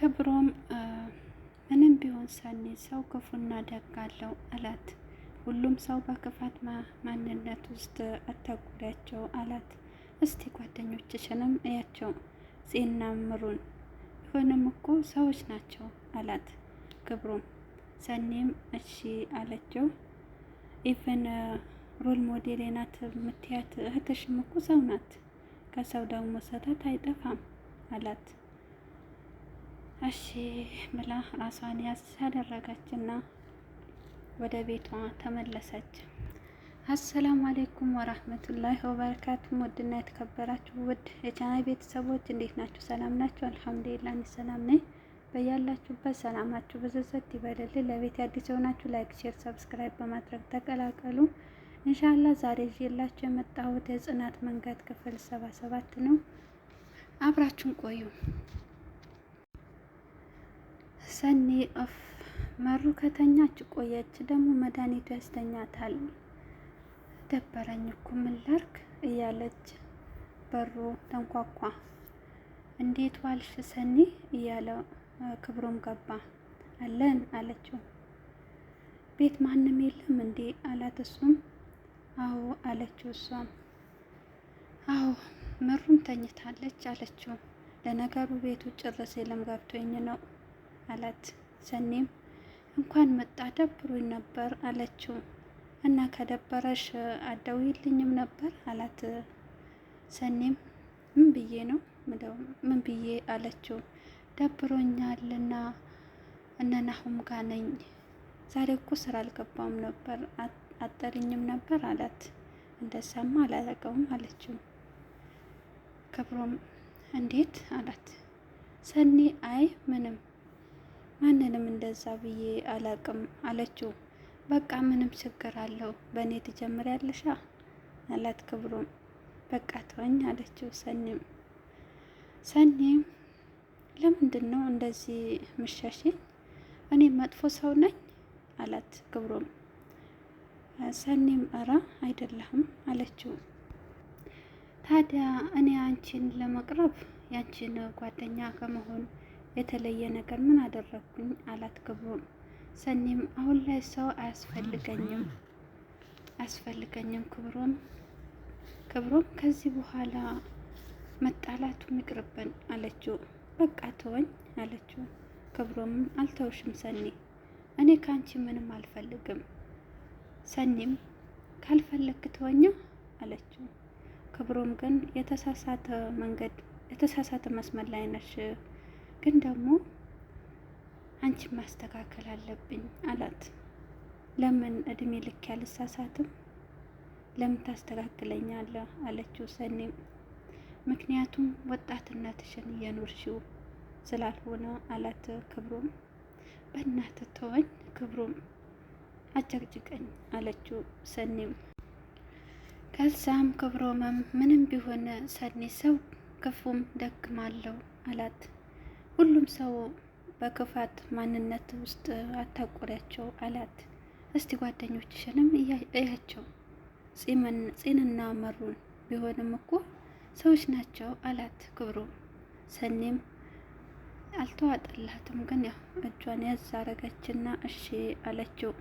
ክብሮም ምንም ቢሆን ሰኒ ሰው ክፉና ደግ አለው አላት። ሁሉም ሰው በክፋት ማንነት ውስጥ አታጉሪያቸው አላት። እስቲ ጓደኞችሽንም እያቸው ጽና ምሩን ቢሆንም እኮ ሰዎች ናቸው አላት ክብሮም። ሰኒም እሺ አለችው። ኢቨን ሮል ሞዴል ናት የምትያት እህትሽም እኮ ሰው ናት፣ ከሰው ደግሞ ስህተት አይጠፋም አላት። እሺ ብላ ራሷን ያዝ ያደረገችና ወደ ቤቷ ተመለሰች። አሰላሙ አሌይኩም ወራህመቱላሂ ወበረካቱም። ውድና የተከበራችሁ ውድ የቻናል ቤተሰቦች እንዴት ናችሁ? ሰላም ናችሁ? አልሐምዱሊላህ እኔ ሰላም ነኝ። በያላችሁበት ሰላማችሁ ብዝዝት ይበልልኝ። ለቤት አዲስ የሆናችሁ ላይክ፣ ሼር፣ ሰብስክራይብ በማድረግ ተቀላቀሉ። እንሻላ ዛሬ ይዤላችሁ የመጣሁት የጽናት መንገድ ክፍል ሰባ ሰባት ነው። አብራችሁን ቆዩ። ሰኒ ኦፍ መሩ ከተኛች ቆየች። ደግሞ መድኃኒቱ ያስተኛታል። ደበረኝ እኮ ምን እያለች በሩ ተንኳኳ። እንዴት ዋልሽ ሰኒ እያለ ክብሮም ገባ። አለን አለችው። ቤት ማንም የለም እንዴ አላት። እሱም አዎ አለችው። እሷም አዎ መሩም ተኝታለች አለችው። ለነገሩ ቤቱ ጭርስ ሲልም ገብቶኝ ነው አላት። ሰኔም እንኳን መጣ ደብሮኝ ነበር አለችው። እና ከደበረሽ አደውይልኝም ነበር አላት። ሰኔም ምን ብዬ ነው ምን ብዬ አለችው። ደብሮኛልና እነ ናሁም ጋ ነኝ። ዛሬ እኮ ስራ አልገባውም ነበር አጠርኝም ነበር አላት። እንደዛማ አላረገውም አለችው። ክብሮም እንዴት አላት። ሰኒ አይ ምንም ማንንም እንደዛ ብዬ አላቅም አለችው። በቃ ምንም ችግር አለው በእኔ ትጀምሪያለሻ አላት። ክብሩም በቃ ተወኝ አለችው። ሰኒም ሰኒም ለምንድን ነው እንደዚህ ምሻሽኝ? እኔ መጥፎ ሰው ነኝ አላት። ክብሩም ሰኒም እረ አይደለም አለችው። ታዲያ እኔ አንቺን ለመቅረብ ያንቺን ጓደኛ ከመሆን የተለየ ነገር ምን አደረግኩኝ አላት ክብሮም ሰኒም አሁን ላይ ሰው አያስፈልገኝም አያስፈልገኝም ክብሮም ክብሩም ከዚህ በኋላ መጣላቱ ይቅርብን አለችው። በቃ ተወኝ አለችው። ክብሮም አልተውሽም ሰኒ፣ እኔ ከአንቺ ምንም አልፈልግም። ሰኒም ካልፈለክ ተወኛ አለችው። ክብሮም ግን የተሳሳተ መንገድ የተሳሳተ መስመር ላይ ነሽ ግን ደግሞ አንቺን ማስተካከል አለብኝ አላት። ለምን እድሜ ልክ ያልሳሳትም ለምን ታስተካክለኛለህ? አለችው ሰኔም። ምክንያቱም ወጣትነትሽን እየኖርሽው ስላልሆነ አላት። ክብሩም በእናትህ ተወኝ፣ ክብሩም አጨቅጭቀኝ አለችው ሰኔም። ከዛም ክብሮምም ምንም ቢሆን ሰኔ ሰው ክፉም ደግማለሁ አላት። ሁሉም ሰው በክፋት ማንነት ውስጥ አታቆሪያቸው አላት። እስቲ ጓደኞችሽንም እያቸው ፂንና መሩን ቢሆንም እኮ ሰዎች ናቸው አላት። ክብሩ ሰኔም አልተዋጠላትም፣ ግን ያው እጇን ያዝ አረገችና እሺ አለችው።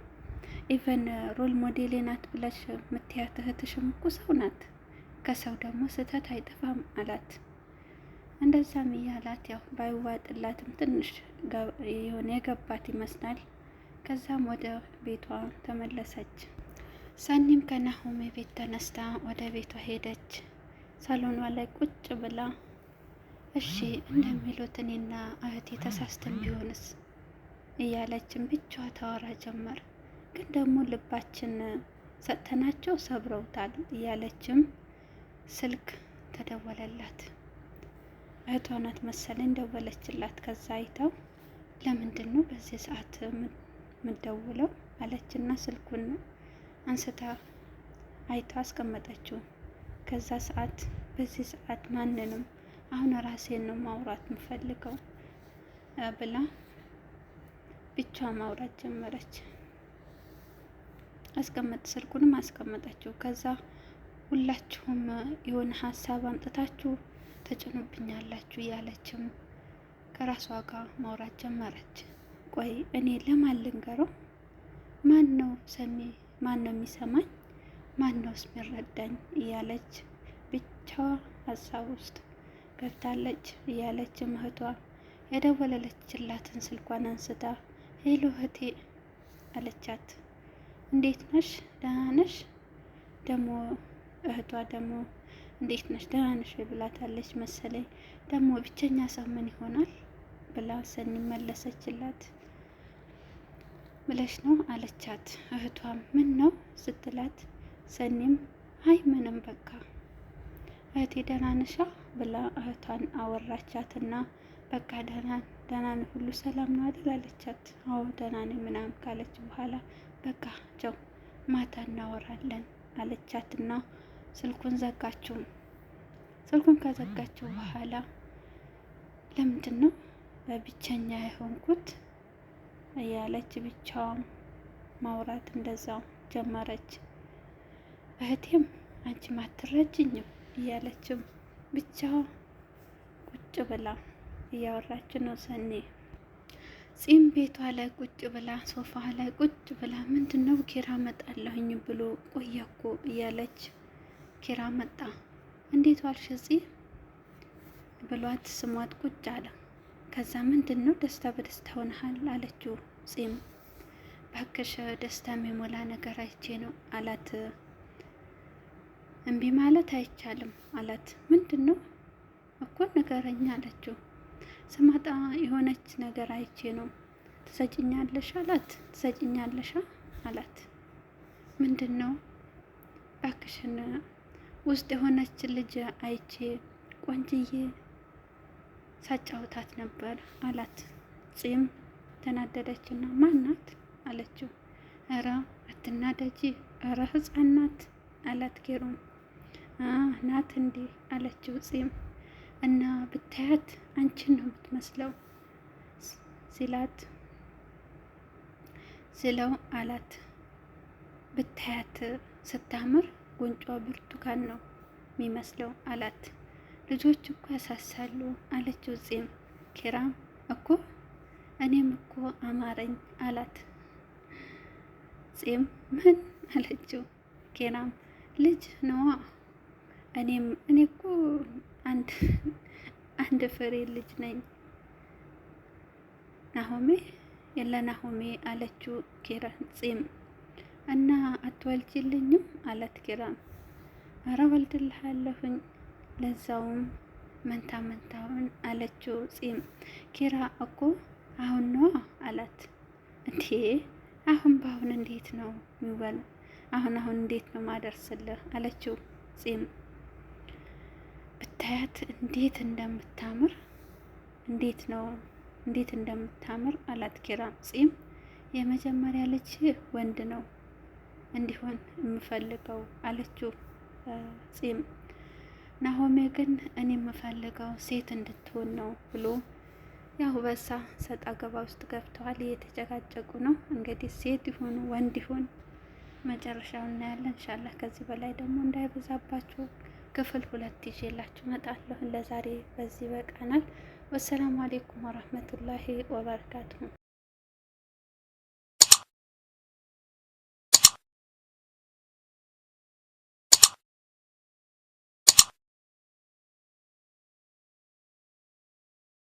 ኢቨን ሮል ሞዴሌ ናት ብለሽ የምትያት እህትሽም እኮ ሰው ናት፣ ከሰው ደግሞ ስህተት አይጠፋም አላት። እንደዛም እያላት ያው ባይዋጥላትም ትንሽ የሆነ የገባት ይመስላል። ከዛም ወደ ቤቷ ተመለሰች። ሰኒም ከናሆሜ ቤት ተነስታ ወደ ቤቷ ሄደች። ሳሎኗ ላይ ቁጭ ብላ እሺ እንደሚሉት እኔና እህቴ ተሳስተን ቢሆንስ እያለችን ብቻዋ ታወራ ጀመር። ግን ደግሞ ልባችን ሰጥተናቸው ሰብረውታል እያለችም ስልክ ተደወለላት። እህቷ ናት መሰለኝ ደወለችላት። ከዛ አይተው ለምንድን ነው በዚህ ሰዓት የምደውለው አለችና ስልኩን አንስታ አይታ አስቀመጠችው። ከዛ ሰዓት በዚህ ሰዓት ማንንም አሁን ራሴን ነው ማውራት የምፈልገው ብላ ብቻ ማውራት ጀመረች። አስቀመጥ ስልኩንም አስቀመጠችው። ከዛ ሁላችሁም የሆነ ሀሳብ አምጥታችሁ ተጭኖብኛላችሁ እያለችም ከራሷ ጋር ማውራት ጀመረች። ቆይ እኔ ለማን ልንገረው? ማን ነው ሰሚ? ማን ነው የሚሰማኝ? ማን ነው የሚረዳኝ? እያለች ብቻዋ ሀሳብ ውስጥ ገብታለች። እያለችም እህቷ የደወለለችላትን ስልኳን አንስታ ሄሎ እህቴ አለቻት። እንዴት ነሽ? ደህና ነሽ? ደግሞ እህቷ ደግሞ እንዴት ነሽ ደህና ነሽ ብላታለች መሰለኝ። ደግሞ ብቸኛ ሰው ምን ይሆናል ብላ ሰኒ መለሰችላት። ብለሽ ነው አለቻት። እህቷም ምን ነው ስትላት ሰኒም አይ ምንም በቃ እህቴ ደህና ነሻ ብላ እህቷን አወራቻትና በቃ ደህና ደህና ሁሉ ሰላም ነው አይደል አለቻት። አዎ ደህና ነኝ ምናምን ካለች በኋላ በቃ ቸው ማታ እናወራለን አለቻትና ስልኩን ዘጋችው። ስልኩን ከዘጋችው በኋላ ለምንድን ነው በብቸኛ የሆንኩት እያለች ብቻዋን ማውራት እንደዛው ጀመረች። እህቴም አንቺ አትረጅኝም እያለችም ብቻ ቁጭ ብላ እያወራች ነው ሰኔ ጺም ቤቷ ላይ ቁጭ ብላ ሶፋ ላይ ቁጭ ብላ ምንድን ነው ኪራ መጣለሁኝ ብሎ ቆየኮ እያለች ኪራ መጣ። እንዴት ዋልሽ እጽ ብሏት ስሟት ቁጭ አለ። ከዛ ምንድን ነው ደስታ በደስታ ሆነሃል አለችው። ጺም። ባክሽ ደስታ የሚሞላ ነገር አይቼ ነው አላት። እምቢ ማለት አይቻልም አላት። ምንድን ነው እኮ ንገረኝ አለችው። ስማጣ የሆነች ነገር አይቼ ነው ትሰጭኛለሽ አላት። ትሰጭኛለሻ አላት። ምንድን ነው ባክሽን ውስጥ የሆነች ልጅ አይቼ ቆንጅዬ ሳጫውታት ነበር አላት። ጺም ተናደደች እና ማናት አለችው። እረ አትናደጂ፣ እረ ህፃን ናት አላት። ኬሩም ናት እንዴ አለችው ጺም እና ብታያት አንቺን ነው የምትመስለው ሲላት ስለው አላት ብታያት ስታምር ጉንጯ ብርቱካን ነው የሚመስለው አላት። ልጆች እኮ ያሳሳሉ አለችው ፂም። ኪራም እኮ እኔም እኮ አማረኝ አላት። ፂም ምን አለችው? ኪራም ልጅ ነዋ እኔም እኔ እኮ አንድ አንድ ፍሬ ልጅ ነኝ ናሆሜ ለናሆሜ አለችው ኪራ ፂም እና አትወልጅልኝም አላት ኪራም። አረ ወልድልሃለሁኝ ለዛውም መንታ መንታውን አለችው ፂም። ኪራ እኮ አሁን ነዋ አላት። እንዴ አሁን በአሁን እንዴት ነው የሚበል አሁን አሁን እንዴት ነው ማደርስልህ አለችው ፂም። ብታያት እንዴት እንደምታምር እንዴት ነው እንዴት እንደምታምር አላት ኪራ ፂም የመጀመሪያ ልጅ ወንድ ነው እንዲሆን የምፈልገው አለችው ጺም። ናሆሜ ግን እኔ የምፈልገው ሴት እንድትሆን ነው ብሎ ያው በሳ ሰጣ ገባ ውስጥ ገብተዋል። እየተጨቃጨቁ ነው እንግዲህ ሴት ይሁን ወንድ ይሁን መጨረሻው እናያለን። እንሻላ ከዚህ በላይ ደግሞ እንዳይበዛባችሁ ክፍል ሁለት ይዤላችሁ እመጣለሁ። ለዛሬ በዚህ በቃናል። ወሰላሙ አሌይኩም ወረህመቱላሂ ወበረካቱሁ።